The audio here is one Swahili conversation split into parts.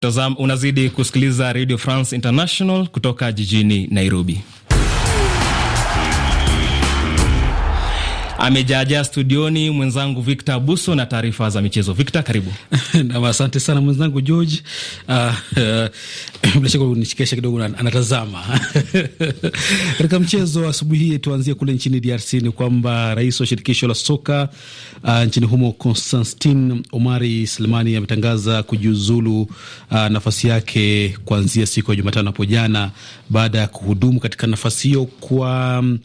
Tazam, unazidi kusikiliza Radio France International kutoka jijini Nairobi. amejaajaa studioni mwenzangu Victor Abuso na taarifa za michezo. Victor, karibu. asante sana mwenzangu George. Ah, eh, bila shaka unichekesha kidogo, anatazama katika mchezo asubuhi hii. Tuanzie kule nchini DRC, ni kwamba rais wa shirikisho la soka uh, nchini humo Constantin Omari Selemani ametangaza kujiuzulu uh, nafasi yake kuanzia siku ya Jumatano hapo jana baada ya kuhudumu katika nafasi hiyo kwa um,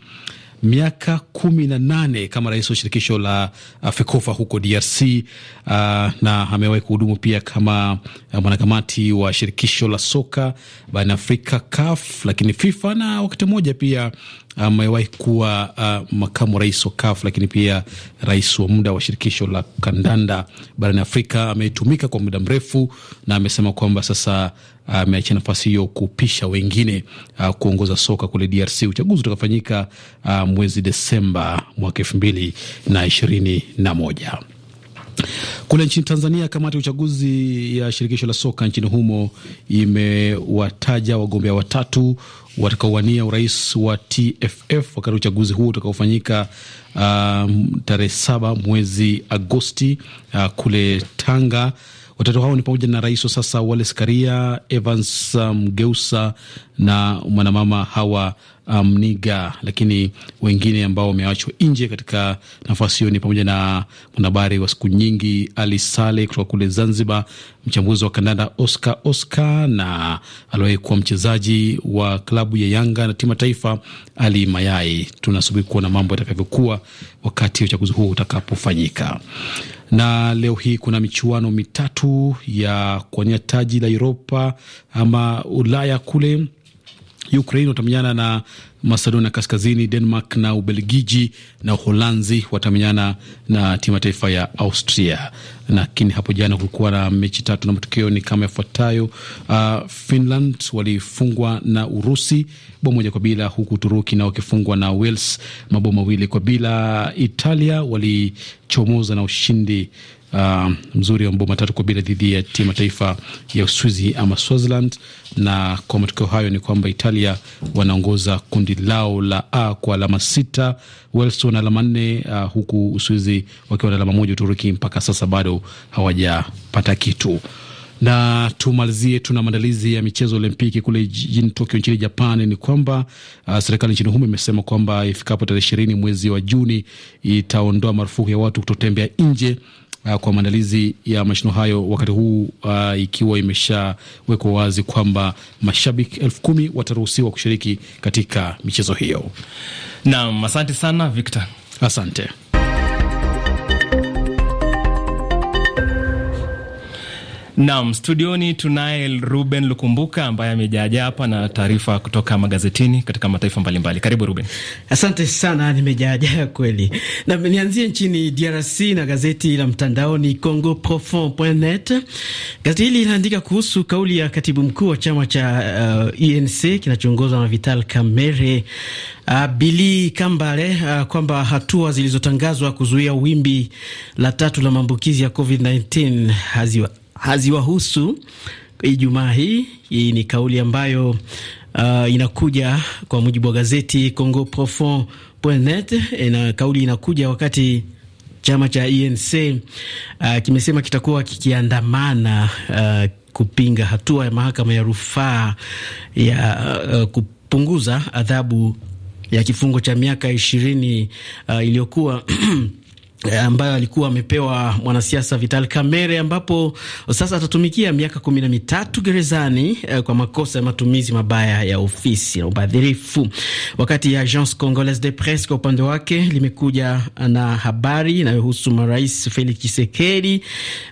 miaka kumi na nane kama rais wa shirikisho la uh, fekofa huko DRC uh, na amewahi kuhudumu pia kama uh, mwanakamati wa shirikisho la soka barani Afrika CAF, lakini FIFA na wakati mmoja pia amewahi um, kuwa uh, makamu rais wa CAF lakini pia rais wa muda wa shirikisho la kandanda barani Afrika. Ametumika kwa muda mrefu na amesema kwamba sasa Ah, ameachia nafasi hiyo kupisha wengine uh, kuongoza soka kule DRC. Uchaguzi utakafanyika ah, mwezi Desemba mwaka elfu mbili na ishirini na moja. Kule nchini Tanzania, kamati ya uchaguzi ya shirikisho la soka nchini humo imewataja wagombea watatu watakaowania urais wa TFF wakati uchaguzi huo utakaofanyika um, tarehe saba mwezi Agosti uh, kule Tanga. Watatu hao ni pamoja na rais wa sasa Wallace Karia, Evans Mgeusa um, na mwanamama Hawa Mniga. Um, lakini wengine ambao wameachwa nje katika nafasi hiyo ni pamoja na mwanahabari wa siku nyingi Ali sale kutoka kule Zanzibar, mchambuzi wa kandanda Oscar Oscar na aliwahi kuwa mchezaji wa klabu ya Yanga na timu taifa Ali Mayai. Tunasubiri kuona mambo yatakavyokuwa wakati uchaguzi huo utakapofanyika. Na leo hii kuna michuano mitatu ya kuwania taji la Uropa ama Ulaya kule Ukraine watamenyana na Macedonia Kaskazini, Denmark na Ubelgiji, na Uholanzi watamenyana na timu ya taifa ya Austria. Lakini hapo jana kulikuwa na mechi tatu na matokeo ni kama yafuatayo: uh, Finland walifungwa na Urusi bao moja kwa bila, huku Uturuki na wakifungwa na Wales mabao mawili kwa bila. Italia walichomoza na ushindi uh, mzuri wa mabao matatu kwa bila dhidi ya timu ya taifa ya Uswizi ama Swaziland. Na kwa matokeo hayo ni kwamba Italia wanaongoza kundi lao la A kwa alama sita, Wales wana alama nne, uh, huku Uswizi wakiwa na alama moja. Uturuki mpaka sasa bado hawajapata kitu na tumalizie, tuna maandalizi ya michezo Olimpiki kule jijini Tokyo nchini Japan. Ni kwamba uh, serikali nchini humo imesema kwamba ifikapo tarehe ishirini mwezi wa Juni itaondoa marufuku ya watu kutotembea nje uh, kwa maandalizi ya mashindano hayo, wakati huu uh, ikiwa imeshawekwa wazi kwamba mashabiki elfu kumi wataruhusiwa kushiriki katika michezo hiyo. Naam, asante sana Victor, asante. Naam, studioni tunaye Ruben Lukumbuka ambaye amejaja hapa na taarifa kutoka magazetini katika mataifa mbalimbali. Karibu Ruben. Asante sana, nimejaja kweli. Na nianzie nchini DRC na gazeti la mtandaoni Congo Profond.net. Gazeti hili linaandika kuhusu kauli ya katibu mkuu wa chama cha uh, UNC e kinachoongozwa na Vital Kamerhe uh, Bili Kambale uh, kwamba hatua zilizotangazwa kuzuia wimbi la tatu la maambukizi ya COVID-19 haziwa haziwahusu Ijumaa hii. Hii ni kauli ambayo uh, inakuja kwa mujibu wa gazeti Congo Profond.net, na kauli inakuja wakati chama cha ENC uh, kimesema kitakuwa kikiandamana uh, kupinga hatua ya mahakama ya rufaa ya uh, uh kupunguza adhabu ya kifungo cha miaka ishirini uh, iliyokuwa Eh, ambayo alikuwa amepewa mwanasiasa Vital Kamerhe, ambapo sasa atatumikia miaka kumi na mitatu gerezani eh, kwa makosa ya matumizi mabaya ya ofisi na ubadhirifu. Wakati ya Agence Congolaise de Presse kwa upande wake limekuja na habari inayohusu marais Felix Tshisekedi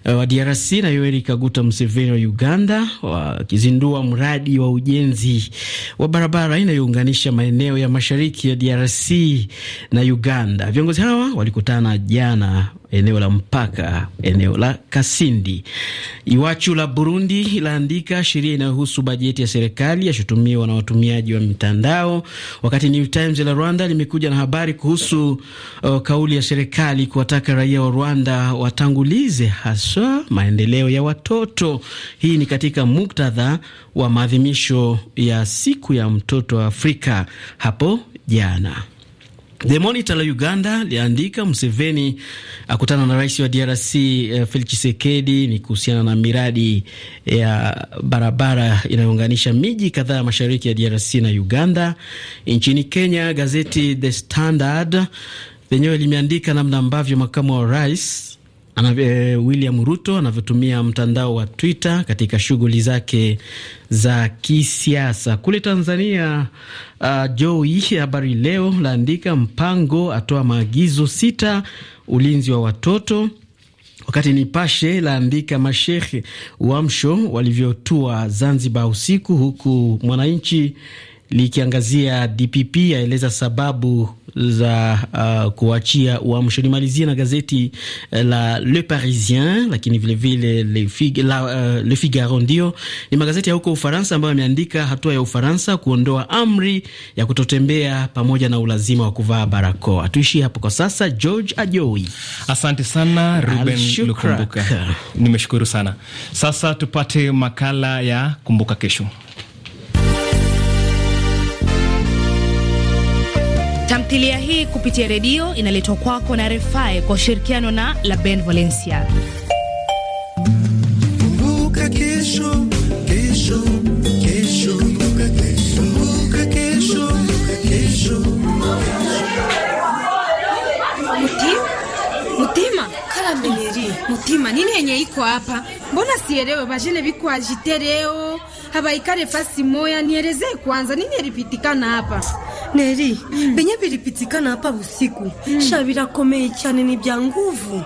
eh, wa DRC na Yoweri Kaguta Museveni wa Uganda wakizindua mradi wa ujenzi wa barabara inayounganisha maeneo ya mashariki ya DRC na Uganda. Viongozi hawa walikutana vijana eneo la mpaka, eneo la Kasindi. Iwachu la Burundi laandika sheria inayohusu bajeti ya serikali yashutumiwa na watumiaji wa mitandao, wakati New Times la Rwanda limekuja na habari kuhusu uh, kauli ya serikali kuwataka raia wa Rwanda watangulize haswa maendeleo ya watoto. Hii ni katika muktadha wa maadhimisho ya siku ya mtoto wa Afrika hapo jana. The Monitor la Uganda liandika Museveni akutana na rais wa DRC uh, eh, Felix Tshisekedi ni kuhusiana na miradi ya barabara inayounganisha miji kadhaa ya mashariki ya DRC na Uganda. Nchini Kenya, gazeti The Standard lenyewe limeandika namna ambavyo makamu wa rais anavyo, eh, William Ruto anavyotumia mtandao wa Twitter katika shughuli zake za kisiasa. Kule Tanzania, uh, ah, Joi Habari Leo laandika Mpango atoa maagizo sita ulinzi wa watoto wakati Nipashe laandika mashekh wamsho walivyotua Zanzibar usiku, huku Mwananchi likiangazia DPP aeleza sababu za uh, kuachia uamsho. Nimalizie na gazeti eh, la Le Parisien, lakini vilevile Le, Fig, la, uh, Le Figaro ndio ni magazeti ya huko Ufaransa ambayo ameandika hatua ya Ufaransa kuondoa amri ya kutotembea pamoja na ulazima wa kuvaa barakoa. Tuishie hapo kwa sasa. George Ajoi, asante sana Ruben Lukumbuka, nimeshukuru sana. Sasa tupate makala ya Kumbuka Kesho. Tamthilia hii kupitia redio inaletwa kwako na Refai kwa ushirikiano na La Ben Valencia. Kumbuka kesho, kesho, kesho, kumbuka kesho, kumbuka kesho, kumbuka kesho. Mutima, Mutima, kala mbeleri. Mutima, nini yenye iko hapa? Mbona sielewe bajene biko ajite leo? Habaikare fasi moya, nielezee kwanza nini yalipitikana hapa? Neri mm. Benye vilipitikana hapa usiku mm. sha virakomeye cyane ni bya nguvu.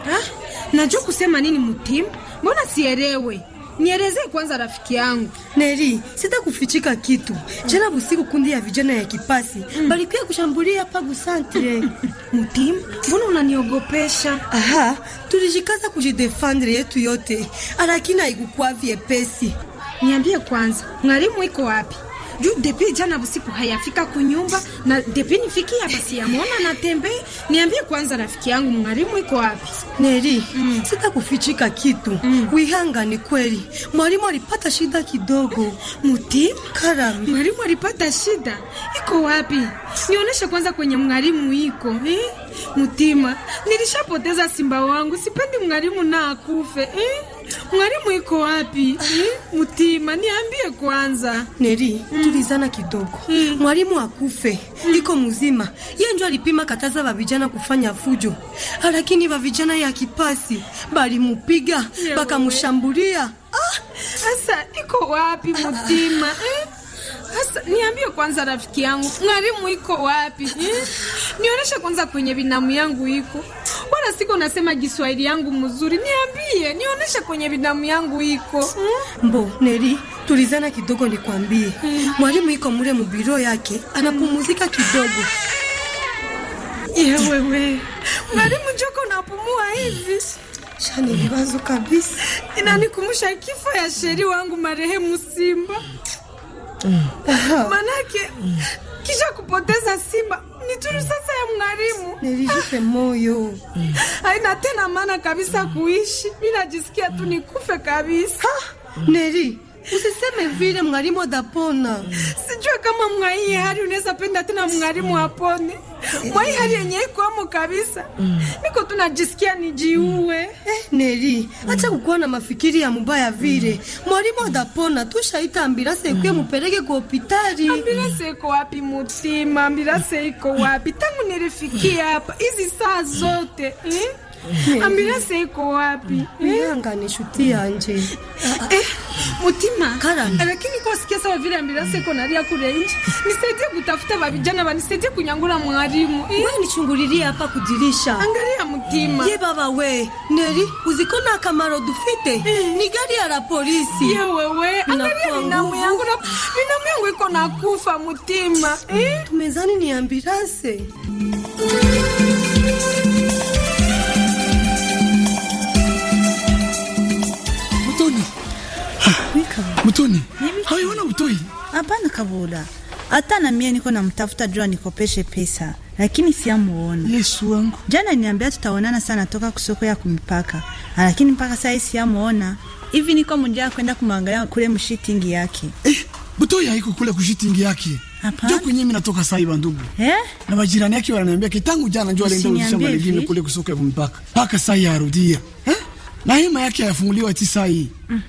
Najua kusema nini mutima, mbona sielewe? Nieleze kwanza rafiki yangu. Neri, sitakufichika kitu. Mm. Jana usiku kundi ya vijana ya kipasi mm. balikuwa kushambulia hapa gusantre. Mutima, mbona unaniogopesha? Aha, tulijikaza kujidefendre yetu yote, lakini haikukuwa vyepesi. Niambie kwanza, mwalimu iko wapi? juu depi jana usiku hayafika kunyumba, na depi nifikia basi yamwona natembei. Niambie kwanza rafiki yangu mwalimu iko wapi? Neri, mm. sita kufichika kitu mm. wihanga ni kweli mwalimu alipata shida kidogo muti karami. Mwalimu alipata shida, iko wapi? Nionyeshe kwanza kwenye mwalimu iko eh? Mutima, nilishapoteza simba wangu, sipendi mwalimu na akufe eh? Mwalimu iko wapi? Ah. Mtima, hmm? niambie kwanza. Neri, tulizana kidogo. Hmm. Mwalimu akufe, hmm. iko mzima. Yeye ndio alipima kataza wa vijana kufanya fujo, ah, lakini wa vijana ya kipasi balimupiga bakamshambulia. Ah, sasa iko wapi Mtima? Ah. Eh? Sasa niambie kwanza rafiki yangu, mwalimu iko wapi? Eh? Nionyeshe kwanza kwenye binamu yangu iko. Kila siku unasema Kiswahili yangu mzuri, niambie, nionyeshe kwenye vidamu yangu iko hmm? Mbo Neri, tulizana kidogo nikwambie. Hmm. Mwalimu iko mule mubiro yake anapumuzika kidogo. Yewewe, mwalimu Joko, napumua hivi shani, wazo kabisa inanikumusha kifo ya sheri wangu marehemu Simba. manake kisha kupoteza simba ni tunu sasa ya mgharimu, nilijipe ah. moyo mm. haina tena maana kabisa kuishi, mi najisikia tu nikufe kabisa ha? Neri Usiseme vile mwalimu atapona. Sijua kama mwai hali unaweza penda tena mwalimu apone. Mwai hali yenye iko hapo kabisa. Niko tunajisikia nijiue. Eh, Neri, acha kukuwa na mafikiri ya mubaya vile. Mwalimu atapona, tushaita ambulance ikwe mupeleke kwa hospitali. Ambulance iko wapi mutima? Ambulance iko wapi? Tangu nilifikia hapa hizi saa zote. Eh? ambiranse iko wapi ihangane eh? inshuti yanjye eh, eh, mutima karani lakini kwa sikia sawa vile ambiranse iko nalia kule nje nisaidie kutafuta vijana wanisaidie kunyangura mwalimu wewe nichunguririe hapa kudirisha angalia mutima ye baba we neri uziko nta kamaro dufite ni gari ya la polisi yewe we angalia binamu yangu binamu yangu iko nakufa mutima tumezani ni ambiranse Mutoni, haiona utoi? Hapana Kabula, hata na mie niko namtafuta jua nikopeshe pesa, lakini siamuona. Yesu wangu, jana niambia tutaonana sana toka kusoko ya kumipaka, lakini mpaka saa hii siamuona. Hivi niko mjaa kwenda kumwangalia kule mshitingi yake eh. Butoi haiko kule kushitingi yake ndio kwenye mimi natoka sasa hivi ndugu. Eh? Na majirani yake wananiambia kitangu jana njoo alienda shamba lingine kule kusoko ya kumipaka. Paka sasa arudia. Eh? na hima yake yafunguliwa eti saa hii. mm,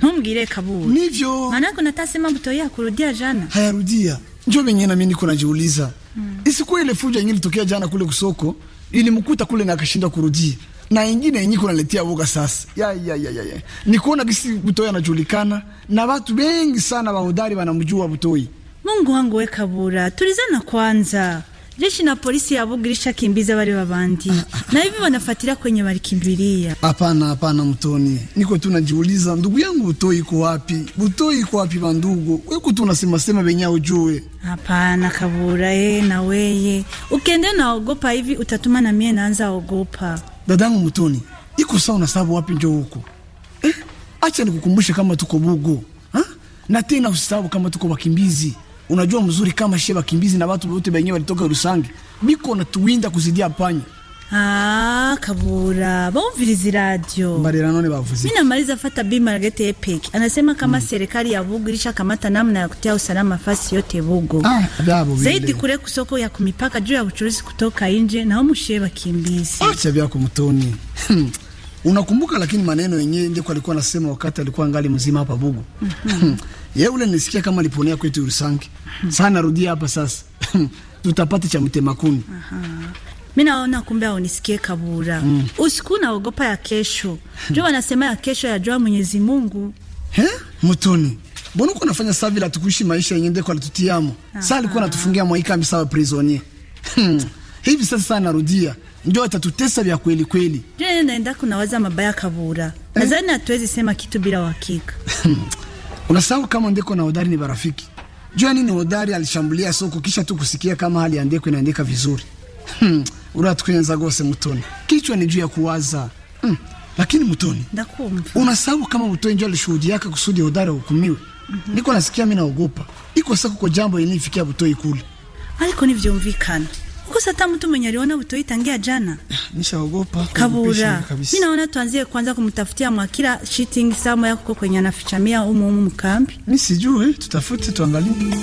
Humgire mm, mm, mm. kaburi nivyo, maana kuna tasema ya kurudia jana hayarudia, njoo mwenyewe na mimi niko najiuliza mm. isikuwa ile fujo yenyewe ilitokea jana kule kusoko, ilimkuta kule na akashinda kurudia na ingine yenyewe kunaletea woga sasa. ya ya ya ya, ya. nikuona gisi mtoi anajulikana na watu wengi sana, wa wahodari wanamjua mtoi. Mungu wangu, we Kabura, tulizana kwanza jeshi na polisi ya Bugirisha kimbiza wale wabandi na hivi wanafatira kwenye walikimbilia. Hapana, hapana mtoni, niko tu najiuliza ndugu yangu Butoi iko wapi? Butoi iko wapi bandugu? Wewe tu unasema sema benya ujue. Hapana Kabura, eh na weye ukende na ogopa hivi, utatuma na mie naanza ogopa. Dadangu mtoni, iko sawa na sababu wapi njo huko? Eh, acha nikukumbushe kama tuko bugo. Ha? Na tena usisahau kama tuko wakimbizi unajua mzuri kama shie bakimbizi na watu wote benyewe walitoka Rusange biko natuwinda kuzidia panya Ah, kabura bumviriza radio mbarira none bavuze mimi namaliza fata bi Margaret Epic anasema kama mm. serikali ya Bugu ilisha kamata namna ya kutia usalama fasi yote Bugu ah, zaidi kule kusoko ya kumipaka juu ya uchuruzi kutoka nje na homu bakimbizi acha ah, bya Unakumbuka lakini maneno yenyewe ndio alikuwa anasema wakati alikuwa ngali mzima hapa Bugu. Mhm. Ye ule nisikia kama aliponea kwetu Rusangi. Mhm. Sana narudia hapa sasa. Tutapata cha mtemakuni. kuni. Mimi naona kumbe au kabura. Mm. Usiku naogopa ya kesho. Jua wanasema ya kesho yajua Mwenyezi Mungu. He? Mutoni. Mbona uko nafanya saa vile tukuishi maisha yenyewe ndiko alitutiamo. Sasa alikuwa anatufungia mwaika misawa prisonier. Hmm. Hivi sasa narudia. Ndio atatutesa vya kweli kweli maneno naenda kunawaza mabaya kabura eh. Nadhani hatuwezi sema kitu bila uhakika unasahau kama Ndeko na Hodari ni barafiki. Jua nini Hodari alishambulia soko kisha tu kusikia kama hali ya Ndeko inaendeka vizuri. Hmm. Uratwenza gose Mutoni. Kichwa ni juu ya kuwaza. Hmm. Lakini Mutoni, Unasahau kama Mutoni njo alishuhudia yake kusudi Hodari ahukumiwe. Mm -hmm. Niko nasikia mimi naogopa. Iko sasa kwa jambo ilinifikia Butoi kule. Aliko ni vyomvikana kwa sata mtu mwenye aliona utoi tangia jana. nisha ah, Nishaogopa. Kabura. mina ona tuanzie kwanza kumutafutia Mwakila samu ya kuko kwenye anafichamia umu umu mkambi. nisi juu Mimi tutafuti tuangali tuangalie.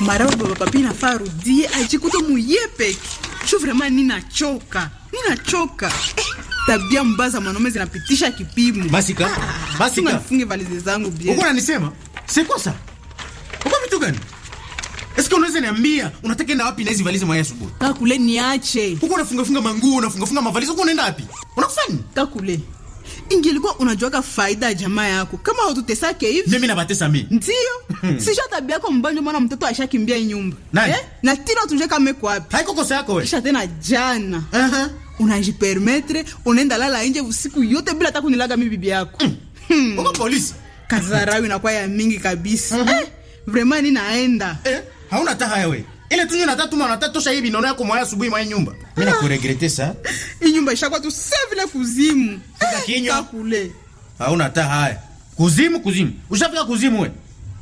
Maraudo papi na faru nafaa rudie ajikuta muyepeki. Shu vraiment ninachoka. Ninachoka. Eh, tabia mbaza mwanaume zinapitisha kipimu Masika. Ah. Basi nifunge valizi zangu bia. Uko unanisema? Sikosa. Uko vitu gani? Eske unaweza niambia unataka enda wapi na hizi valizi mwaya Yesu bwana? Kaka kule niache. Uko unafunga funga manguo, unafunga funga mavalizi, uko unaenda wapi? Unakufanya? Kaka kule. Ingilikuwa unajuaga faida ya jamaa yako. Kama hututesake hivi. Mimi nabatesa mimi. Ndio. Sisha tabia yako mbaya maana mtoto ashakimbia nyumba. Nani? Eh? Na tuje tujeka meko wapi? Haiko kosa yako wewe. Kisha tena jana. Aha. Uh -huh. Unajipermettre unaenda lala nje usiku yote bila hata kunilaga mimi bibi yako. Mm hmm. uko polisi kazi dharau inakuwa ya mingi kabisa mm -hmm. eh, vrema ni naenda eh, hauna taha wewe ile tunyo na tatu mwana tatu tosha hivi naona yako mwana asubuhi mwa nyumba mimi ah. na kuregrete sa hii nyumba ishakuwa tu sasa vile kuzimu sasa eh, kinyo kule hauna taha haya eh. kuzimu kuzimu ushafika kuzimu wewe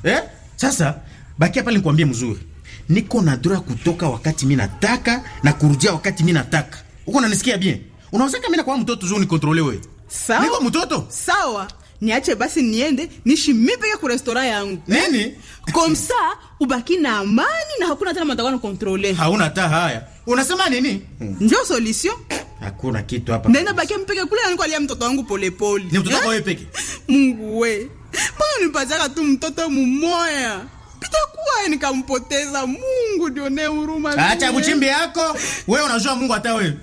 eh sasa bakia pale nikwambie mzuri niko na dura kutoka wakati mimi nataka na kurudia wakati mimi nataka uko unanisikia bien unaweza kama mimi na kwa mtoto zuri nikontrole wewe sawa niko mtoto sawa niache basi niende nishi mipeke ku restora yangu nini eh? komsa ubaki na amani na hakuna tena matakano kontrole hauna ta haya unasema nini hmm. ndio solution hakuna kitu hapa nenda baki mpeke kule niko alia mtoto wangu polepole ni mtoto eh? wako wewe peke Mungu we mbona nipataka tu mtoto mumoya itakuwa nikampoteza Mungu ndio ne huruma acha kuchimbi yako wewe unajua Mungu hata wewe ni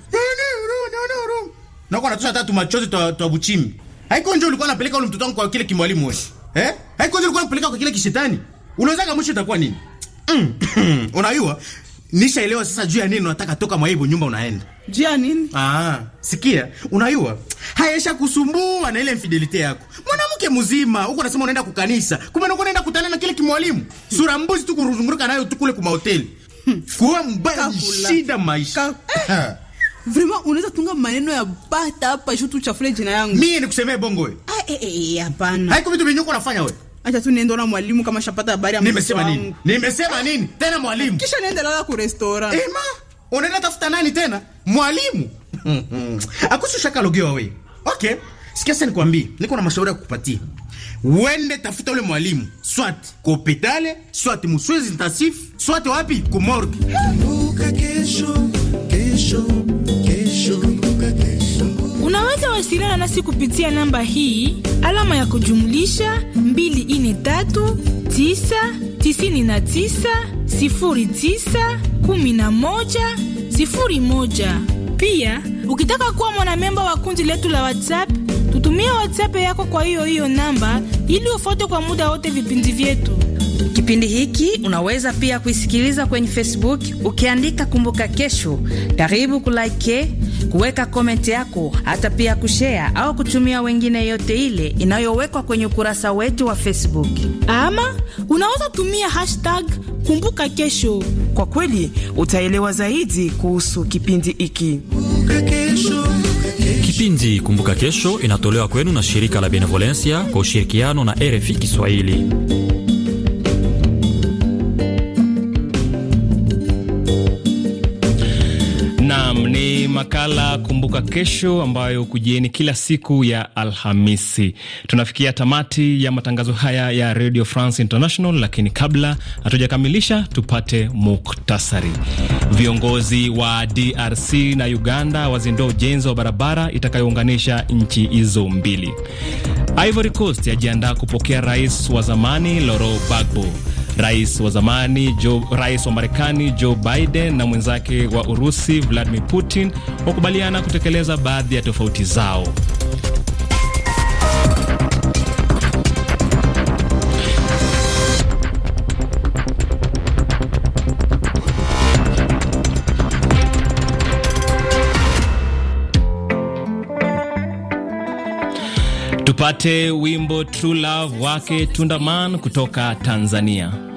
huruma ni huruma na kwa natusa tatu machozi twa buchimi Haiko ndio ulikuwa unapeleka ule mtoto wangu kwa kile kimwalimu wewe. Eh? Haiko ndio ulikuwa unapeleka kwa kile kishetani. Unaweza kama mwisho itakuwa nini? Mm. unaiwa Nishaelewa sasa juu ya nini unataka toka mwaibu nyumba unaenda. Juu ya nini? Ah, sikia, unaiwa. Haisha kusumbua na ile infidelity yako. Mwanamke mzima, huko unasema unaenda kukanisa, kumbe unakuwa unaenda kutana na kile kimwalimu. Sura mbuzi tu kuruzunguruka nayo tu kule kwa hoteli. Hmm. Kuwa mbaya shida maisha. Vraiment unaweza tunga maneno ya bata hapa juu tu chafule jina yangu. Mimi nikusemee bongo wewe. Ah, eh, eh eh hapana. Haiko vitu vinyuko unafanya wewe. Acha tu niende na mwalimu kama shapata habari ya mimi. Nimesema nini? Nimesema nini? Tena mwalimu. Kisha niende lala ku restaurant. Ema, eh, unaenda tafuta nani tena? Mwalimu. Akusu shakalogewa wewe. Okay. Sikia sasa nikwambie, niko na mashauri ya kukupatia. Wende tafuta ule mwalimu, soit ku hopitale, soit muswezi intensif, soit wapi ku morgue. Kesho, kesho. Wasiliana nasi kupitia namba hii alama ya kujumlisha 2399991101 Pia ukitaka kuwa mwanamemba wa kundi letu la WhatsApp, tutumie WhatsApp yako kwa hiyo hiyo namba ili ufuate kwa muda wote vipindi vyetu. Kipindi hiki unaweza pia kuisikiliza kwenye Facebook ukiandika Kumbuka Kesho. Karibu kulike kuweka komenti yako, hata pia kushea au kutumia wengine yote ile inayowekwa kwenye ukurasa wetu wa Facebook. Ama unaweza tumia hashtag kumbuka kesho. Kwa kweli utaelewa zaidi kuhusu kipindi hiki. Kipindi Kumbuka Kesho inatolewa kwenu na shirika la Benevolencia kwa ushirikiano na RFI Kiswahili. makala Kumbuka Kesho ambayo kujieni kila siku ya Alhamisi. Tunafikia tamati ya matangazo haya ya Radio France International, lakini kabla hatujakamilisha, tupate muktasari. Viongozi wa DRC na Uganda wazindua ujenzi wa barabara itakayounganisha nchi hizo mbili. Ivory Coast yajiandaa kupokea rais wa zamani Laurent Gbagbo. Rais wa zamani Joe, rais wa Marekani Joe Biden na mwenzake wa Urusi Vladimir Putin wakubaliana kutekeleza baadhi ya tofauti zao. Tupate wimbo True Love wake Tundaman kutoka Tanzania.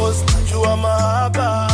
Cause you are my baby.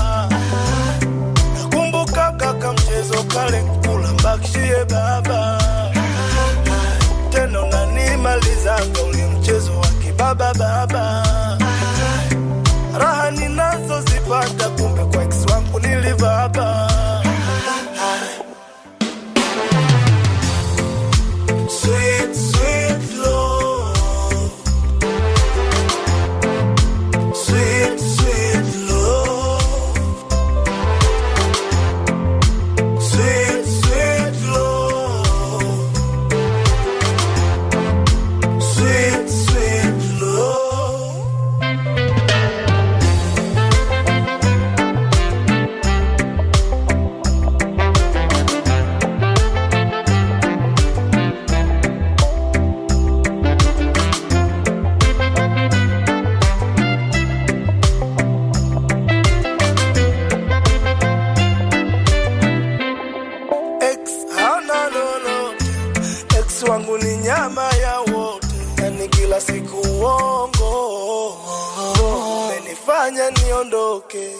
unifanye niondoke,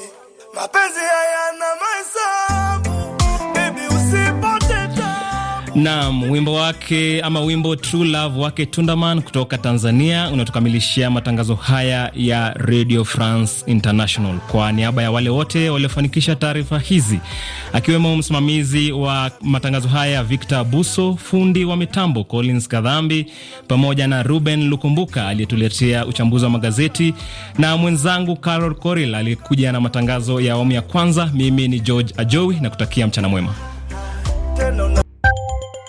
mapenzi hayana mahesabu. Naam, wimbo wake ama wimbo True Love wake Tundaman kutoka Tanzania unatukamilishia matangazo haya ya Radio France International. Kwa niaba ya wale wote waliofanikisha taarifa hizi, akiwemo msimamizi wa matangazo haya Victor Buso, fundi wa mitambo Collins Kadhambi, pamoja na Ruben Lukumbuka aliyetuletea uchambuzi wa magazeti na mwenzangu Carol Coril aliyekuja na matangazo ya awamu ya kwanza, mimi ni George Ajowi na kutakia mchana mwema.